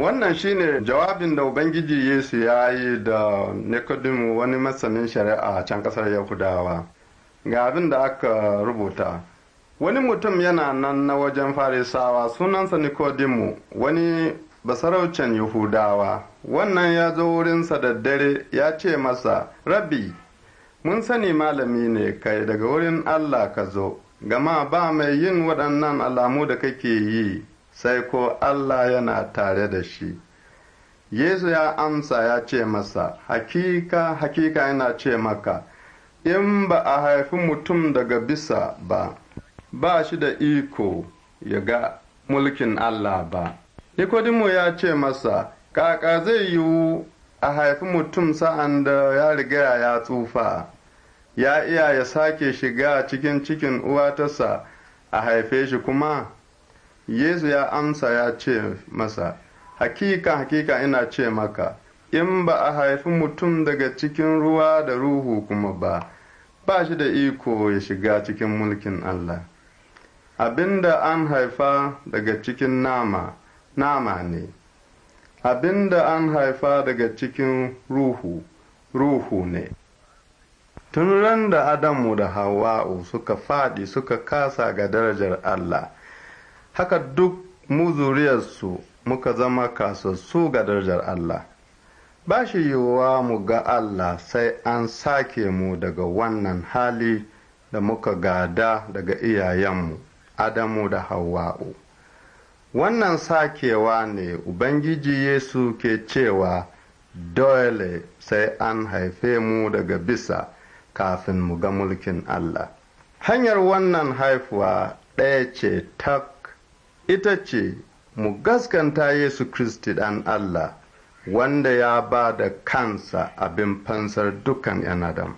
Wannan shi ne jawabin da Ubangiji Yesu ya yi da Nicodemus wani masanin shari'a can ƙasar Yahudawa. Ga abin da aka rubuta. Wani mutum yana nan na wajen farisawa sunansa Nicodemus wani basaraucen Yahudawa. Wannan ya zo wurinsa da dare ya ce masa, Rabbi, mun sani malami ne kai daga wurin Allah ka zo, gama ba mai yin waɗannan alamu da kake yi sai ko Allah yana tare da shi. Yesu ya amsa ya ce masa, Hakika, hakika yana ce maka, in ba a haifi mutum daga bisa ba, ba shi da iko ya ga mulkin Allah ba. Nikodimu ya ce masa, Kaka zai yiwu a haifi mutum sa'an da ya riga ya tsufa, ya iya ya sake shiga cikin cikin uwatasa a haife shi kuma? Yesu ya amsa ya ce masa, Hakika, hakika ina ce maka, in ba a haifi mutum daga cikin ruwa da ruhu kuma ba, ba shi da iko ya shiga cikin mulkin Allah. Abinda an haifa daga cikin nama, nama ne, abinda an haifa daga cikin ruhu, ruhu ne. Tun ran da Adamu da Hawa'u suka faɗi suka kasa ga darajar Allah. haka duk mu zuriyarsu muka zama kasassu ga darajar Allah ba shi yiwuwa mu ga Allah sai an sake mu daga wannan hali da muka gada daga iyayenmu Adamu da Hawwa'u wannan sakewa ne Ubangiji Yesu ke cewa dole sai an haife mu daga bisa kafin mu ga mulkin Allah hanyar wannan haifuwa ɗaya ce ta ita ce mu gaskanta Yesu Kristi ɗan Allah wanda ya ba da kansa abin fansar dukan ‘yan adam,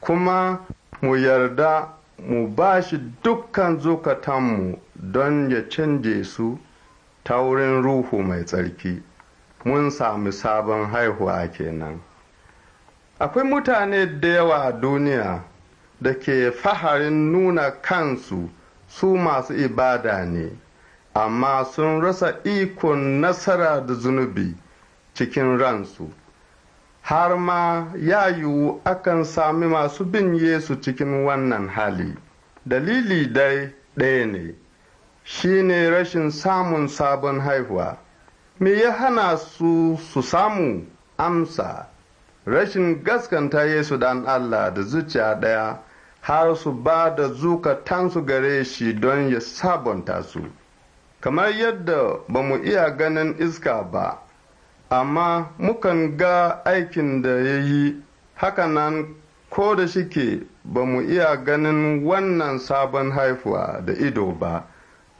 kuma mu yarda mu ba shi dukkan zukatanmu don ya canje su ta wurin Ruhu mai tsarki, mun sami sabon haihuwa kenan. Akwai mutane da yawa a duniya da ke faharin nuna kansu su masu ibada ne amma sun rasa ikon nasara da zunubi cikin ransu har ma ya yiwu akan sami masu bin Yesu cikin wannan hali dalili dai ɗaya ne shi ne rashin samun sabon haihuwa me ya hana su su samu amsa rashin gaskanta Yesu dan Allah da zuciya ɗaya har su ba da zukatansu gare shi don ya sabonta su kamar yadda ba mu iya ganin iska ba amma mukan ga aikin da ya yi hakanan ko da shike ba mu iya ganin wannan sabon haifuwa da ido ba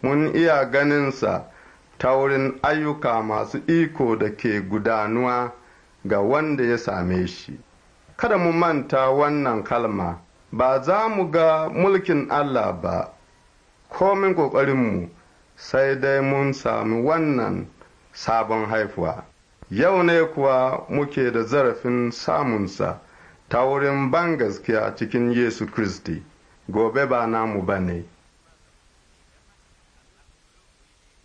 mun iya ganinsa ta wurin ayyuka masu iko da ke gudanuwa ga wanda ya same shi kada mu manta wannan kalma ba za mu ga mulkin Allah ba, komin ƙoƙarinmu sai dai mun sami wannan sabon haifuwa. Yau ne kuwa muke da zarafin samunsa ta wurin ban gaskiya cikin Yesu Kiristi, gobe ba namu ba ne.